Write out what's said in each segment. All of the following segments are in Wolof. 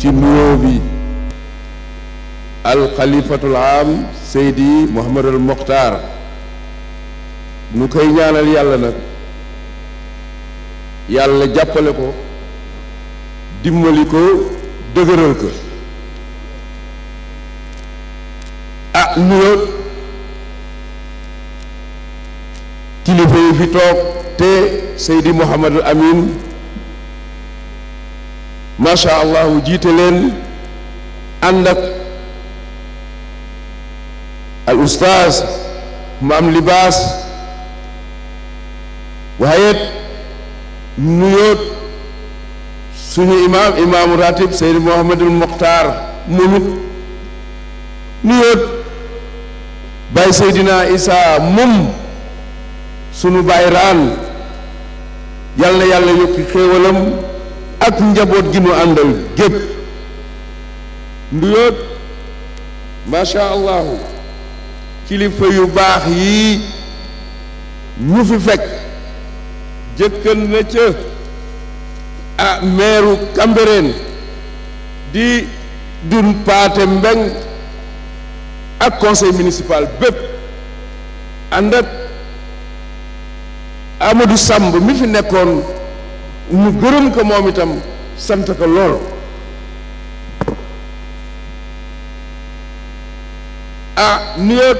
ci nuyoo bi alxalifatul am seydi Mouhamadul Mokhtar nu koy ñaanal yàlla na yàlla jàppale ko dimbali ko dëgëral ko ah nuyoo kilifa yi fi toog te seydi Mouhamadul Amin macha allah jiite leen ànd ak al ustaas mu am libaas waaye nuyoot suñu imaam imaamu ratib Seydi Mouhamadul Mokhtar moom it nuyoot Baye Seydina Isa moom sunu bayraan yàlla yàlla yokki xéewalam ak njaboot gi mu àndal gépp Ndouyoot macha allah kilifa yu baax yi ñu fi fekk jëkkal na ca ah meeru Cambérène di dun paate mbeng ak conseil municipal bépp ànd ak Amadou Samb mi fi nekkoon ñu gërëm ko moom itam sant ko lool ah nuyoog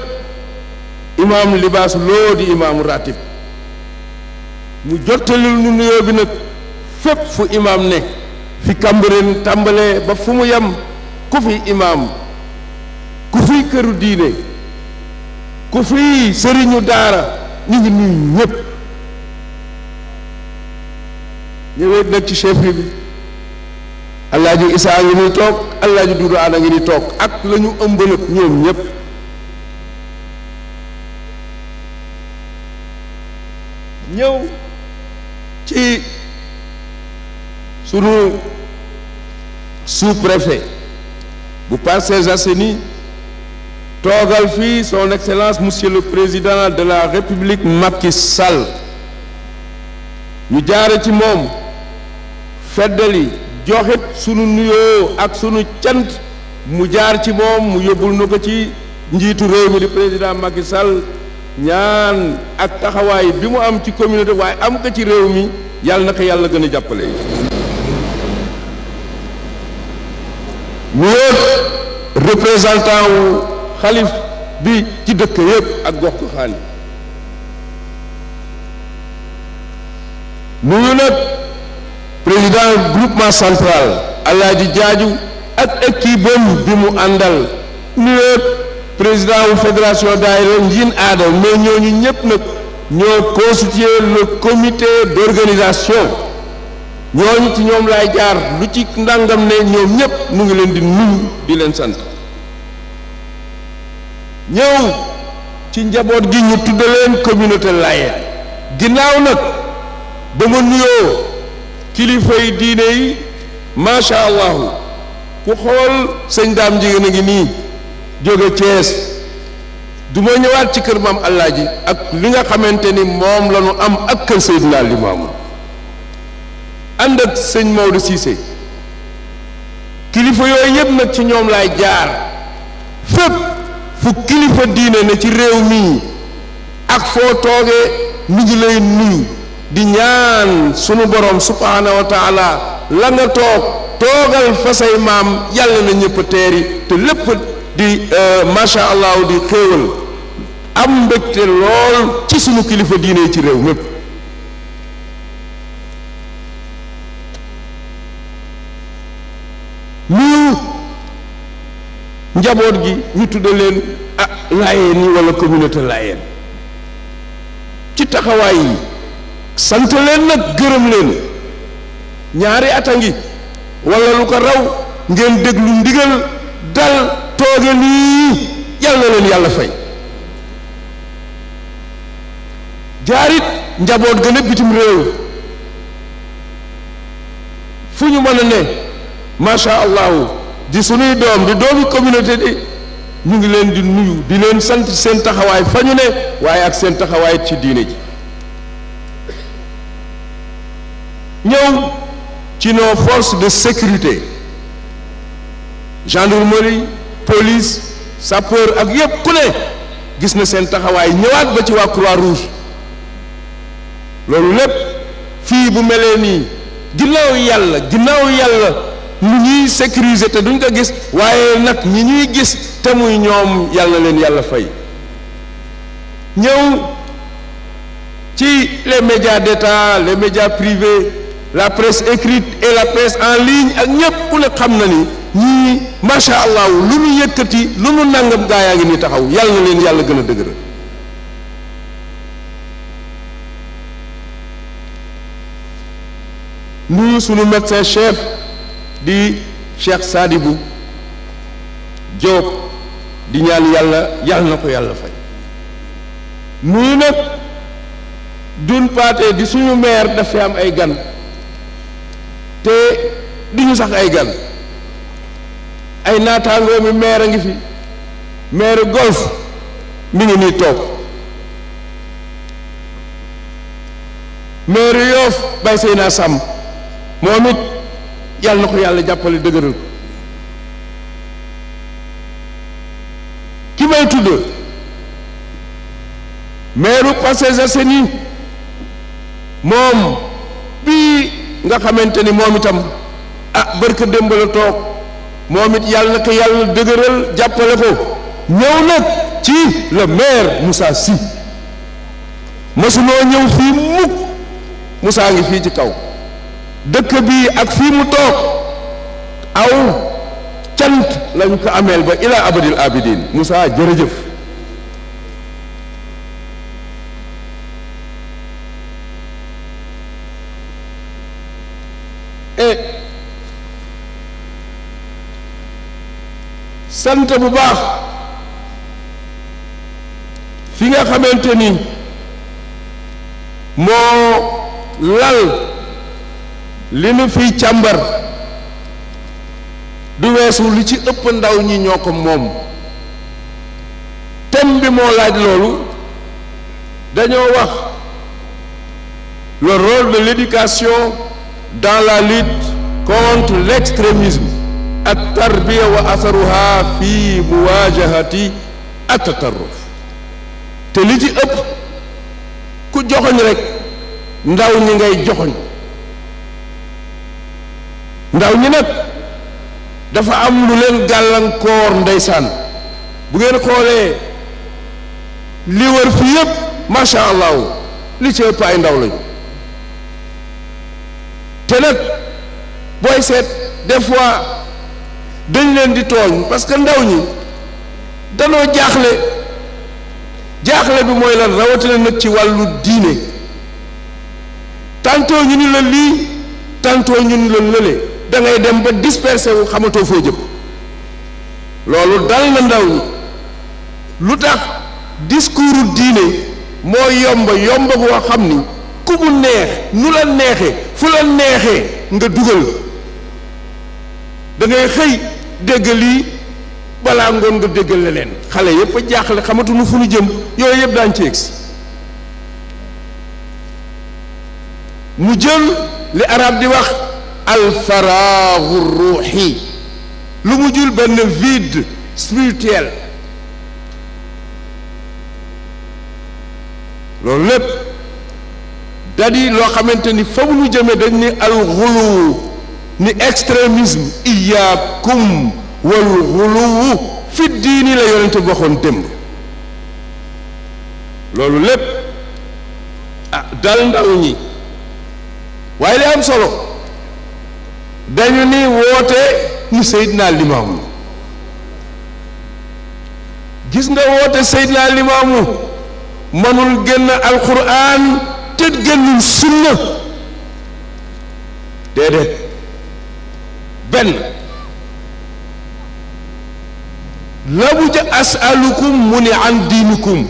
imaam libaas loo di imaamu ratib mu jottalil nu nuyoo bi nag fépp fu imaam ne fi Cambérène tàmbalee ba fu mu yem ku fi imaam ku fi këru diine ku fi sëriñu daara ñu ngi nuyu ñëpp ñëwee nekk ci chefferie bi Alaaji Isaa a ngi ni toog Alaaji Duudu Aan a ni toog ak lañu ñu ëmb nag ñoom ñépp ñëw ci sunu sous-préfet bu Parcelles Assainies toogal fii son excellence monsieur le président de la république Macky sal ñu jaare ci moom feddali joxit sunu nuyoo ak sunu cant mu jaar ci moom mu yóbbul nu ko ci njiitu réew mi di président Macky Sall ñaan ak taxawaay bi mu am ci communauté waaye am ko ci réew mi yàlla na ko yàlla gën a jàppale yi mu yóot représentant wu xalif bi ci dëkk yépp ak gox ko xaani nuyu nag président groupement central Alaaji Jaaju ak équipe bam bi mu àndal nuyu président wu fédération daayira njiin aada mais ñooñu ñëpp nag ñoo constitué le comité d'organisation ñooñu ci ñoom laay jaar lu ci ndàngam ne ñoom ñëpp mu ngi leen di nuyu di leen sant ñëw ci njaboot gi ñu tuddaleen communauté Layène ginnaaw nag ba ma nuyoo kilifay diine yi macha allahu ku xool sëñ daam jigéen a ngi nii jóge Thiès du ma ñëwaat ci kër maam Alaaji ak li nga xamante ni moom la ñu am ak kër Seydina ànd ak sëñ Maodo Cissé kilifa yooyu yëpp nag ci ñoom lay jaar fépp fu kilifa diine ne ci réew mii ak foo toogee mi ngi lay nuyu. di ñaan sunu borom subhaanahu wa taala la nga toog toogal fa say maam yàlla na ñëpp teeri te lépp di euh, macha allah di xéewal am mbégte lool ci suñu kilifa diine ci réew mépp ñu njaboot gi ñu tudde leen ah laayeen yi wala communauté laayeen ci taxawaay yi sant leen nag gërëm leen ñaari at a ngi wala lu ko raw ngeen déglu ndigal dal tooge nii yàlla leen yàlla fay jaarit njaboot gën a bitim réew fu ñu mën a ne macha allahu di sunuy doom di doomi communauté di ñu ngi leen di nuyu di leen sant seen taxawaay fa ñu ne waaye ak seen taxawaay ci diine ji ñëw ci nos forces de sécurité gendarmerie police sapeur ak yëpp ku ne gis na seen taxawaay ñëwaat ba ci waa croix rouge loolu lépp fii bu melee nii ginnaaw yàlla ginnaaw yàlla lu ñuy sécuriser te duñ ko gis waaye nag ñi ñuy gis te muy ñoom yàlla leen yàlla fay ñëw ci les médias d'État les médias privés la presse écrite et la presse en ligne ak ñëpp ku ne xam na ni ñii macha allah lu mu yëkkati lu mu nangam gaa yaa ngi ni taxaw yàlla leen yàlla gën a dëgëral nuyu sunu médecin chef di Cheikh Sadibou Diop di ñaan yàlla yàlla na ko yàlla fay nuyu nag dun paate di suñu maire daf fi am ay gan te du ñu sax ay gan ay naataangoo mi a ngi fi maire golf mi ngi nii toog maire yoof bay sey naa sàmm moom it yàlla na ko yàlla jàppale dëgëral ki may tudd maire Parcelles Assainies moom bii nga xamante ni moom itam ah barka démb la toog moom it yàlla na ko yàlla dëgëral jàppale ko ñëw nag ci le maire Moussa Sy masunoo ñëw fii mukk Moussa ngi fii ci kaw dëkk bi ak fii mu toog aw cant lañ ko ameel ba ilaa abadil abidin Moussa jërëjëf sant bu baax fi nga xamante ni moo lal li nu fiy càmbar du weesu li ci ëpp ndaw ñi ñoo ko moom thème bi moo laaj loolu dañoo wax le de l'éducation dans la lutte contre l'extrémisme at-tarbiya wa asaruha fi muwaajahati at-tatarruf te li ci ëpp ku joxoñ rekk ndaw ñi ngay joxoñ ndaw ñi nag dafa am lu leen gàllankoor ndeysaan bu ngeen xoolee li wër fi yépp macha allahu li ci ëpp ay ndaw lañu te nag booy seet des fois dañ leen di tooñ parce que ndaw ñi danoo jaaxle jaaxle bi mooy lan rawatina nag ci wàllu diine tantôt ñu ni la lii tantôt ñu ni la lële da ngay dem ba dispersé xamatoo foo jëm loolu dal na ndaw ñi lu tax discours diine moo yomba yomba boo xam ni ku mu neex nu la neexee fu la neexee nga dugal da xëy dégg lii balaa ngoon nga déggal la leen xale yépp a jaaxle xamatuñu fu ñu jëm yooyu yëpp daañ ci egsi mu jël li arab di wax alfaraagu ruuxi lu mu jul benn vide spirituel loolu lépp dadi loo xamante ni fa mu ñu jëme dañ ni alxulu ni extrémisme iyaakum wal xuluwu fi diini la yonente bi démb loolu lépp ah dal ndaw ñi waaye li am solo dañu ni woote ni Seydina Limaamu gis nga woote Seydina Limaamu mënul génn alquran te génnul sunna déedéet benn la asalukum mu ne an diinikum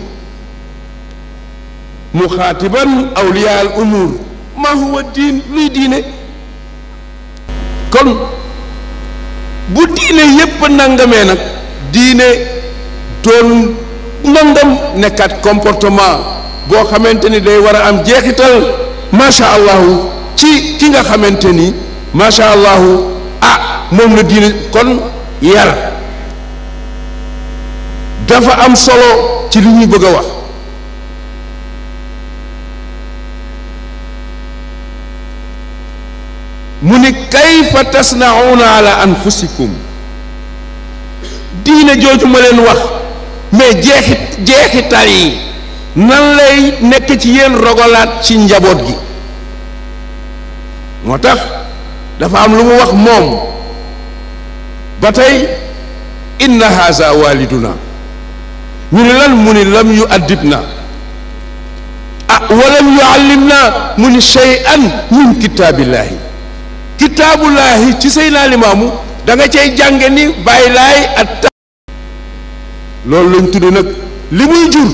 mu xaatiban awliya umur ma huwa diin luy diine kon bu diine yépp nangamee nag diine doon nangam nekkat comportement boo xamante ni day war a am jeexital macha allahu ci ki nga xamante ni macha allahu a ah, moom la diine kon yar dafa am solo ci li ñuy bëgg a wax mu ni kayfa tasnauna ala anfusikum diine jooju ma leen wax mais jeexit jeexital yi nan lay nekk ci yéen rogalaat ci njaboot gi moo tax dafa am lu mu wax moom ba tey inna haza waliduna ñu ni lan mu ni lam yu addib na ah walam yuallim mu ni shay'an min kitaabillahi kitaabullahi ci say naa limaamu da nga cay ni bàyyi laay at loolu lañ tudde nag li muy jur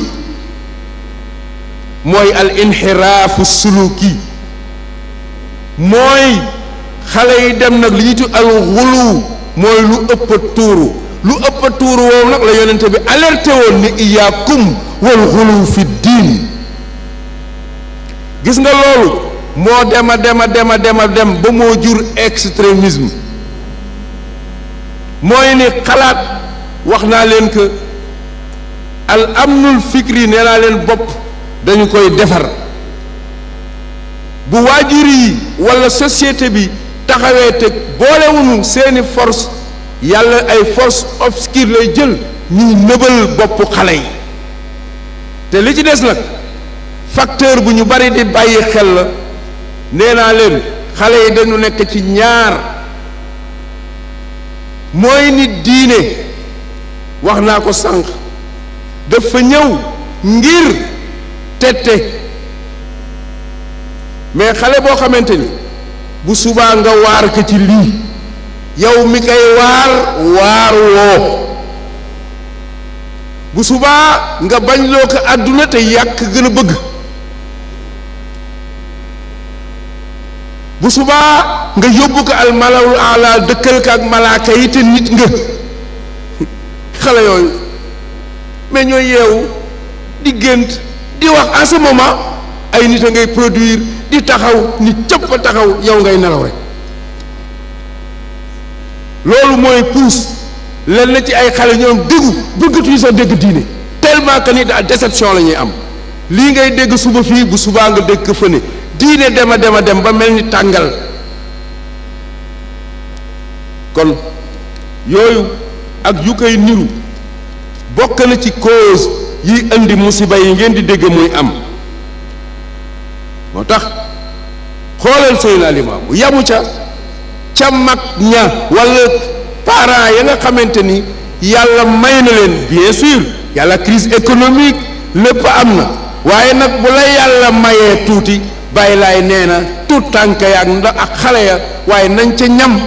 mooy al inxiraafu mooy xale yi dem nag li ñu ci al xulu mooy lu ëpp a tuuru lu ëpp a tuuru woowu nag la yonent bi alerté woon ni iyaakum wal xulu fi diin gis nga loolu moo dem a dem a dem a dem ba moo jur extrémisme mooy ni xalaat wax naa leen que al amnul fikri nee naa leen bopp dañu koy defar bu waajur yi walla société bi taxawee te boolewuñu seeni force yàlla ay force obscure lay jël ñuy nëbal bopp xale yi te li ci des nag facteur bu ñu bari di bàyyi xel la nee naa leen xale yi dañu nekk ci ñaar mooy nit diine wax naa ko sànq dafa ñëw ngir tette mais xale boo xamante ni bu subaa nga waar ko ci lii yow mi koy waar waar woo bu subaa nga bañ loo ko àdduna te yàq gën a bëgg bu subaa nga yóbbu ko al malawul ala dëkkal ko ak malaaka yi te nit nga xale yooyu mais ñooy yeewu di di wax à ce ay nit a ngay produir di taxaw nit cëpp a taxaw yow ngay nelaw rek loolu mooy puus leen na ci ay xale ñoom déggu bëggatuñu sa dégg diine tellement que ni daa déception la am lii ngay dégg suba fii bu subaa nga dégg fëne diine dem a dem a dem ba mel ni tàngal kon yooyu ak yu koy niru bokk na ci cause yi indi musiba yi ngeen di dégg muy am moo tax xoolal Seydina Limaamu yamu ca ca mag ña wala parents ya nga xamante ni yàlla may na leen bien sûr yàlla crise économique lépp am na waaye nag bu la yàlla mayee tuuti bàyyi lay nee na tuut tànk ya ak ndax ak xale ya waaye nañ ca ñam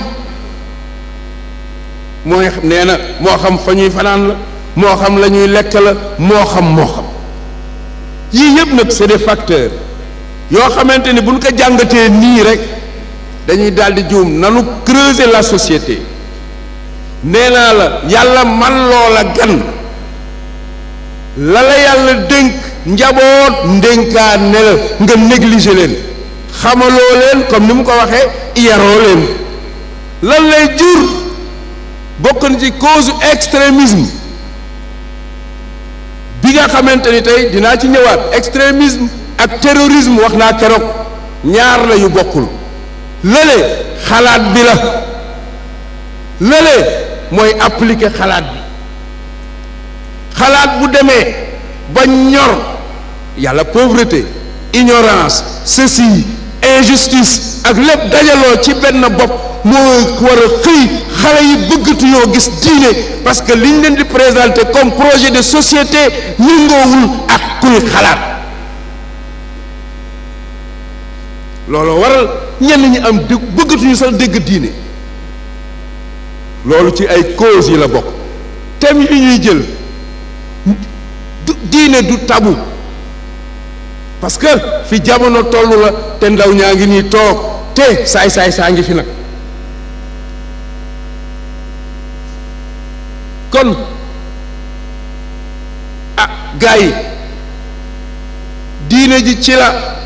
mooy nee na moo xam fa ñuy fanaan la moo xam la ñuy lekk la moo xam moo xam yii yëpp nag c'est des facteurs yoo xamante ni bu ñu ko jàngatee nii rek dañuy daldi juum nanu creuser la société nee naa la yàlla man loola gan la la yàlla dénk njaboot ndénkaane la nga négliger leen xamaloo leen comme ni mu ko waxee yaroo leen lan lay jur bokk na ci cause extrémisme bi nga xamante ni tey dinaa ci ñëwaat extrémisme ak terrorisme wax naa keroog ñaar la yu bokkul lële xalaat bi la lële mooy appliquer xalaat bi xalaat bu demee ba ñor yàlla pauvreté ignorance ceci injustice ak lépp dajaloo ci benn bopp moo war a xëy xale yi bëggatuñoo gis diine parce que liñ leen di présenter comme projet de société ñungoowul ak kuy xalaat loolu waral ñenn ñi am dé bëggatuñu sax dégg diine loolu ci ay cause yi la bokk thème yi ñuy jël diine du tabu parce que fi jamono toll la te ndaw ñaa ngi nii toog te saay saay saa ngi fi nag kon ah gars yi diine ji ci la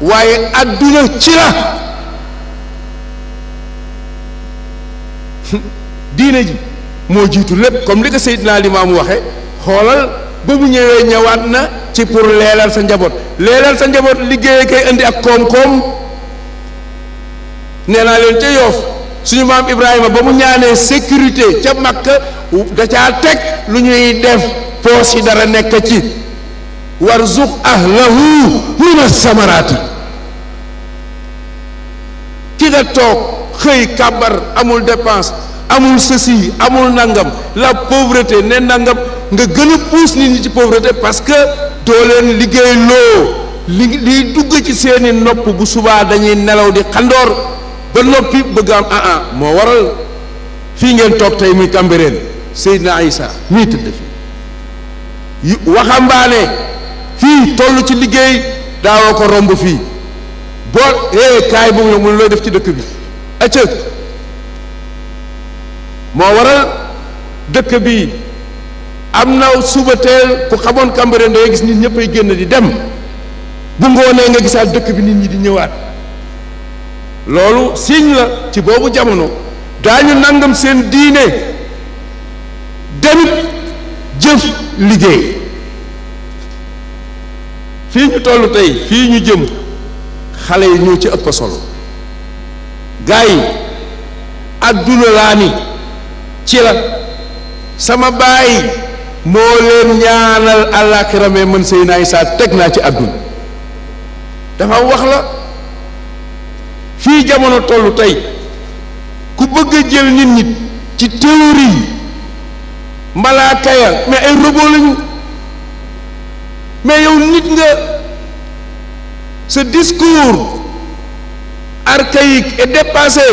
waaye adduna ci la diine ji moo jiitu lépp comme li ko Seydina Limaamu waxe xoolal ba mu ñëwee ñëwaat na ci pour leelal sa njaboot leelal sa njaboot liggéeye kay indi ak koom-koom nee naa leen ca yoof suñu maam Ibrahima ba mu ñaanee sécurité ca Makka da teg lu ñuy def poos yi dara nekk ci warzuq ahlahu mina samaraati ñi toog xëy kàbbar amul dépense amul ceci amul nangam la pauvreté ne nangam nga gën a pousse nit ñi ci pauvreté parce que doo leen liggéey loo li liy dugg ci seeni nopp bu subaa dañuy nelaw di xandoor ba noppi bëgg am ah ah moo waral fii ngeen toog tey muy Cambérène Seydina Issa muy tëdd fi waxambaane fii toll ci liggéey daawoo ko romb fii boo eh kaay boobu yow mun looy def ci dëkk bi acca moo waral dëkk bi am na suba teel ku xamoon Cambérène dangay gis nit ñëpp ay génn di dem bu ngoonee nga gisaat dëkk bi nit ñi di ñëwaat loolu signe la ci boobu jamono daañu nangam seen diine demit jëf liggéey fii ñu toll tey fii ñu jëm xale yi ñoo ci ëpp solo gars yi adduna laa ni ci la sama baay moo leen ñaanal àllaaxira mais man sëy naa saa teg naa ci adduna dafa wax la fii jamono tollu tey ku bëgg a jël nit ñi ci théorie yi malaaka ya mais ay robot lañu mais yow nit nga Ce discours archaïque et dépassé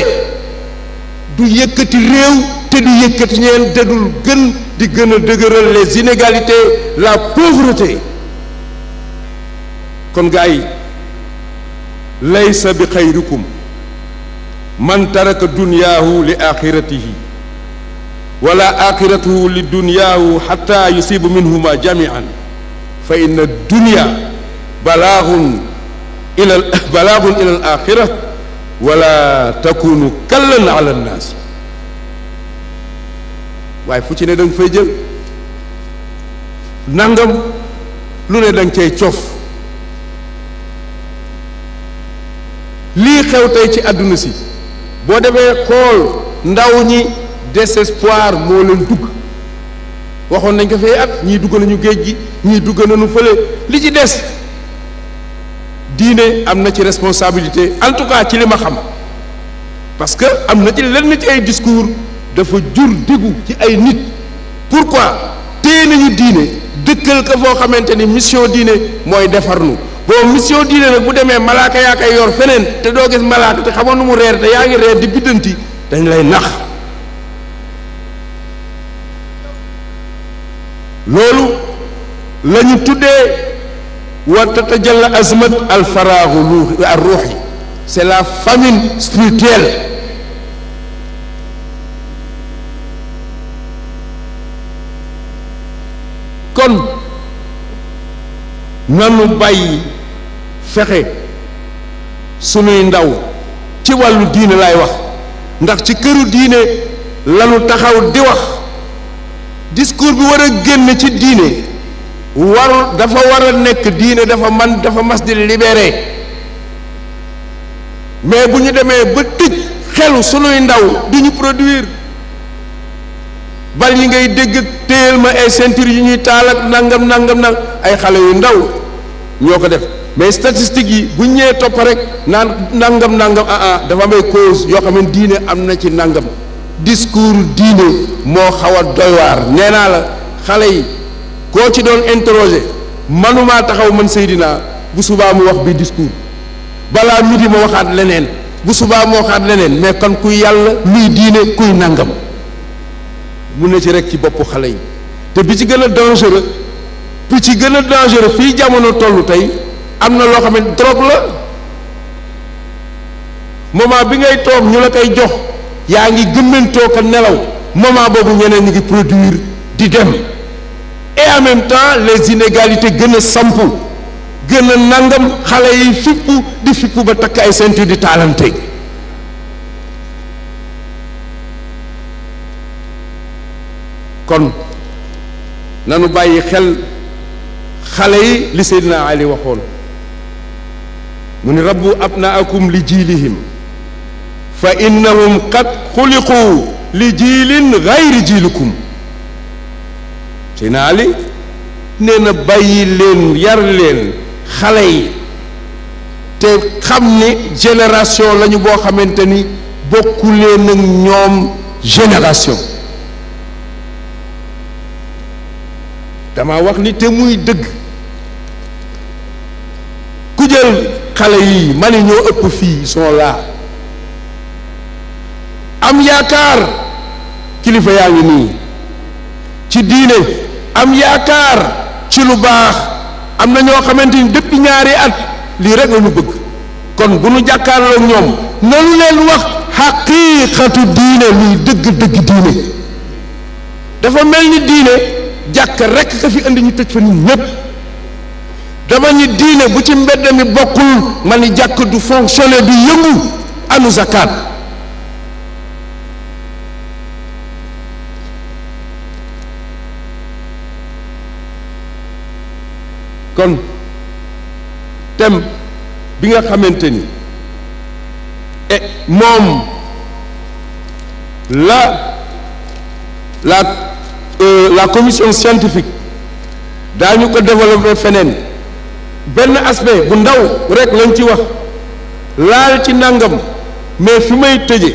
du yëkkati réew te du yëkkati ñeen te gën di gën a les inégalités la pauvreté kon gars yi laysa bi xayrikum man taraka dunyaahu li axiratihi wala axiratuhu li dunyaahu xata yusibu minhuma jamian fa inna dunya balaaxun ilal balaagun ilal axira wala takunu kallan ala nnaas waaye fu ci ne da fay jël nangam lu ne da nga cay cof lii xew tey ci àdduna si boo demee xool ndaw ñi désespoir moo leen dugg waxoon nañ ko fee at ñii dugg nañu géej gi ñii dugg nañu fële li ci des diine am na ci responsabilité en tout cas ci li ma xam parce que am na ci lenn ci ay discours dafa jur déggu ci ay nit pour pourquoi téye nañu diine dëkkal ko foo xamante ni mission diine mooy defar defarnu boo mission diine nag bu demee malaaka yaa koy yor feneen te doo gis malaaka te xamoon nu mu reer te yaa ngi reer di biddanti dañ lay nax loolu la tuddee وتتجلى أزمة الفراغ الروحي c'est la famine spirituelle kon nanu bàyyi fexe sunuy ndaw ci wàllu diine laay wax ndax ci këru diine lanu taxaw di wax discours bi war a génn ci diine warul dafa war a nekk diine dafa man dafa mas di libéré mais bu ñu demee ba tëj xelu sunuy ndaw du ñu produire bal yi ngay dégg téyel ma ay ceinture yu ñuy taal ak nangam nangam na ay xale yu ndaw ñoo ko def mais statistiques yi bu ñëwee topp rek naan nangam nangam ah ah dafa am ay yoo xam ne diine am na ci nangam discours diine moo xaw a doy nee naa la xale yi. koo ci doon interroger manumaa taxaw man Seydina bu subaa mu wax bi discours balaa midi ma waxaat leneen bu subaa mu waxaat leneen mais ku yàlla luy diine kuy nangam mu ne ci rek ci boppu xale yi te bi ci gën a dangereux bi ci gën a dangereux fii jamono tollu tey am na loo xam ne drogue la moment bi ngay toog ñu la koy jox yaa ngi gëmmantoo ko nelaw moment boobu ñeneen ñi ngi produire di dem et en même temps les inégalités gën a sampu gën a nangam xale yi fippu di fippu ba takk ay ceinture di taalante kon nanu bàyyi xel xale yi li Seydina Ali waxoon mu ni rabbu abnaakum li jiilihim fa innahum qad xuliqu li jiilin gayri jiilikum Seydina Ali bàyyi leen yar leen xale yi te xam ne génération lañu boo xamante ni bokku leen ak ñoom génération dama wax ni te muy dëgg ku jël xale yi ma ne ñoo ëpp fii sont là am yaakaar kilifa yaa ngi nii ci diine am yaakaar ci lu baax am na ñoo xamante ni dëpp ñaari at lii rek la ñu bëgg kon bu nu jàkkaarloog ñoom nanu leen wax xaqiiqatu diine luy dëgg-dëgg diine dafa mel ni diine jàkk rekk ka fi indi ñu tëj fa nit ñépp dama ni diine bu ci mbedd mi bokkul ma ni jàkk du fonctionner du yëngu anu zakaat kon thème bi nga xamante ni et eh, moom la la euh, la commission scientifique daañu ko développé feneen benn aspect bu ndaw rek lañ ci wax laal ci nangam mais fi may tëje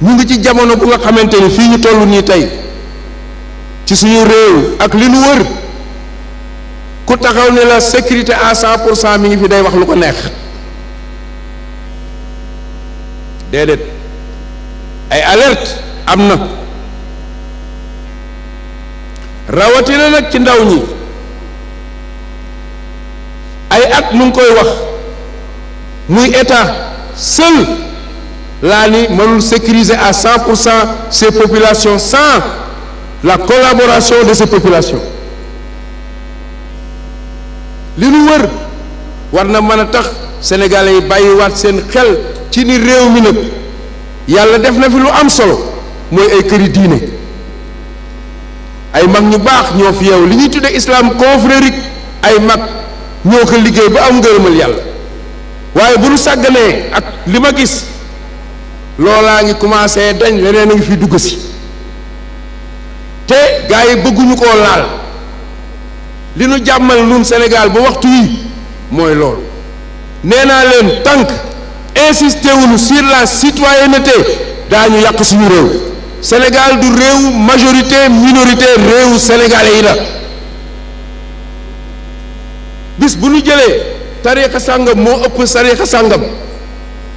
mu ngi ci jamono bu nga xamante ni fii ñu toll nii tey ci suñu réew ak li nu wër ku taxaw ne la sécurité à cent pour cent mi ngi fi day wax lu ko neex déedéet ay alerte am na rawatina nag ci ndaw ñi ay at mu ngi koy wax muy état seul laa ni mënul sécuriser à cent pour cent ces populations sans la collaboration de ces populations li nu wër war na mën a tax sénégalais yi bàyyiwaat seen xel ci ni réew mi nag yàlla def na fi lu am solo mooy ay këri diine ay mag ñu baax ñoo fi yeew li ñuy tudde islam confrérique ay mag ñoo ko liggéey ba am ngërëmal yàlla waaye bu nu sàgganee ak li ma gis loolaa ngi commencé dañ leneen a ngi fi dugg si te gaa yi bëgguñu koo laal li nu jàmmal nun Sénégal ba waxtu yi mooy loolu nee naa leen tànk insisté wuñu sur la citoyenneté daañu yàq suñu réew Sénégal du réew majorité minorité réewu sénégalais yi la bis bu ñu jëlee tariixa sàngam moo ëpp tariixa sàngam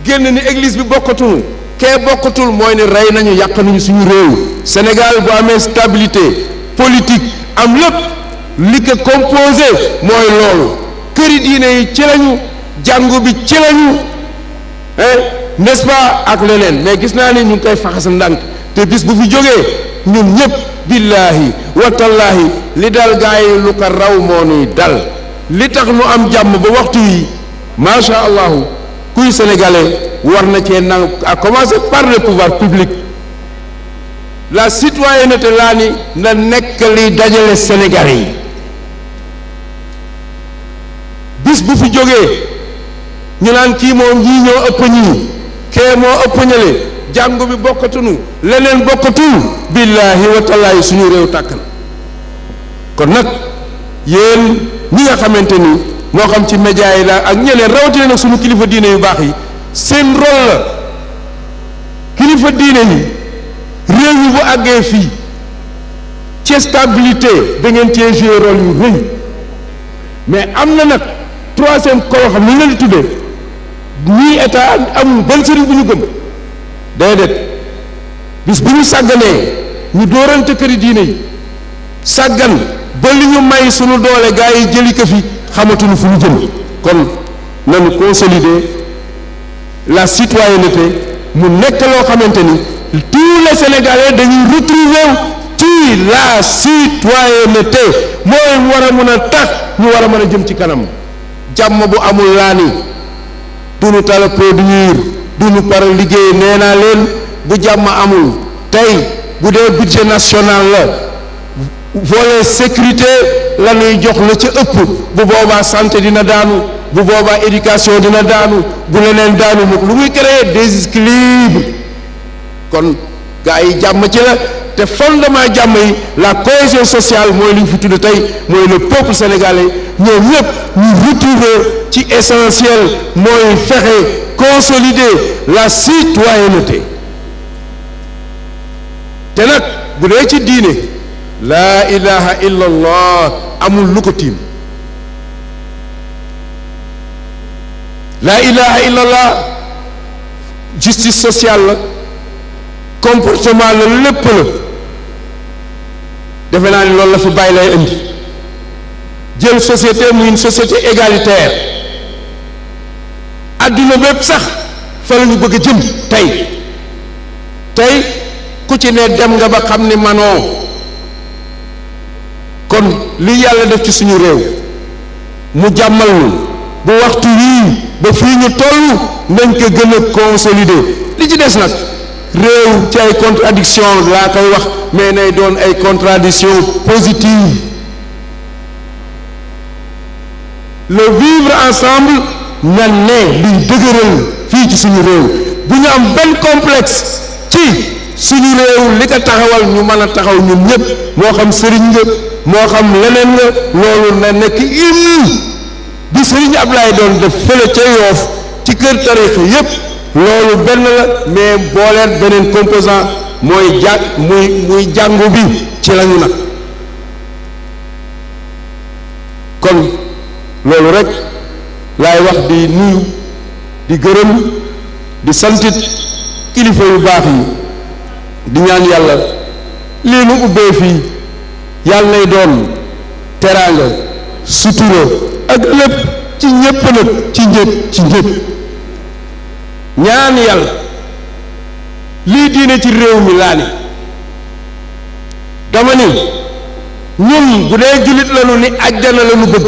génn ni église bi bokkatul kee bokkatul mooy ne rey nañu yàq nañu suñu réew Sénégal bu amee stabilité politique am lépp li ko composé mooy loolu këri na yi ci lañu jàngu bi ci lañu n'est-ce pas ak leneen mais gis naa ni ñu ngi koy faxasal ndànk te gis bu fi jógee ñun ñëpp billaahi watallaahi li dal gaa yi lu ko raw moo nuy dal li tax nu am jàmm ba waxtu yi macha allahu kuy sénégalais war na cee nang à commencer par le pouvoir public la citoyenneté laa ni na nekk liy dajale sénégalais yi bis bu fi jógee ñu naan kii moom ñii ñoo ëpp ñii kee ëpp ñële jàngu bi bokkatunu leneen bokkatul billaahi wa tallaahi suñu réew tàkk na kon nag yéen ñi nga xamante ni moo xam ci média yi la ak ñeneen rawatina nag suñu kilifa diine yu baax yi seen rôle la kilifa diine yi réew mi bu àggee fii ci stabilité da ngeen cee yu rëy mais am na nag troisième koo xam lu leen tuddee ñii état amul benn sëriñ bu ñu gëm déedéet bis bu ñu sàgganee ñu dóorante këri diine yi sàggan ba li ñu may suñu doole gaa yi jëli ko fi xamatuñu fu ñu jëm kon nañu consolider la citoyenneté mu nekk loo xamante ni tous les sénégalais dañuy retrouver ci la citoyenneté mooy war a mën a tax ñu war a mën a jëm ci kanam jàmm bu amul laani duñu tala produire duñu par liggéey nee naa leen bu jàmm amul tey bu dee budget national la volet sécurité la ñuy jox la ca ëpp bu boobaa santé dina daanu bu boobaa éducation dina daanu bu leneen daanu mukk lu muy créer déséquilibre kon gaa jàmm ci la te fondement jàmm yi la cohésion sociale mooy li ñu fi tudd tey mooy le peuple sénégalais ñoom ñëpp ñu retrouver ci essentiel mooy fexe consolider la citoyenneté te nag bu dee ci diine la ilaha illa amul lu ko tiim laa ilaha illa justice sociale la comportement la lépp la defe naa ni lool la fi bàyyi lay indi jël société muy une société égalitaire adduna bépp sax fa nu bëgg a jëm tey tey ku ci ne dem nga ba xam ni manoo kon li yàlla def ci suñu réew mu jàmmal ñu bu waxtu wii ba fii ñu toll nañ ko gën a li ci des nag réew ci ay contradiction laa koy wax mais nay doon ay contradiction positive le vivre ensemble na ne luy dëgëral fii ci suñu réew bu ñu am benn complexe ci suñu réew li ko taxawal ñu mën a taxaw ñun ñëpp moo xam sëriñ nga moo xam leneen nga loolu na nekk hymne bi sëriñ Ablaye doon def fële ca Yoof ci kër tarix yëpp loolu benn la mais booleet beneen composant mooy jàng muy muy jàngu bi ci lañu nag kon loolu rek laay wax di nuyu di gërëm di santit kilifa yu baax yi di ñaan yàlla lii nu ubbee fii yàlla nay doon teraanga sutura ak lépp ci ñépp ci njëg ci njëg ñaan yàlla lii diine ci réew mi laa ni dama ni ñun bu jullit lanu ni àjjana lanu bëgg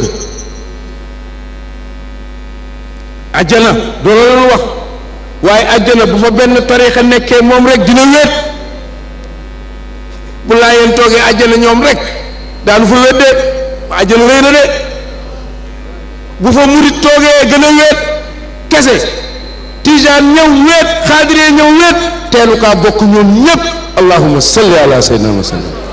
ajjana doo la leen wax waaye ajjana bu fa benn tarixa nekkee moom rek dina wéet bu laa yeen toogee ajjana ñoom rek daanu fa wéet de ajjana rëy na de bu fa murit toogee gën a wéet kese tijaan ñëw wéet xaadiree ñëw wéet teelu kaa bokk ñoom ñépp allahuma salli ala sayyidina wa sallam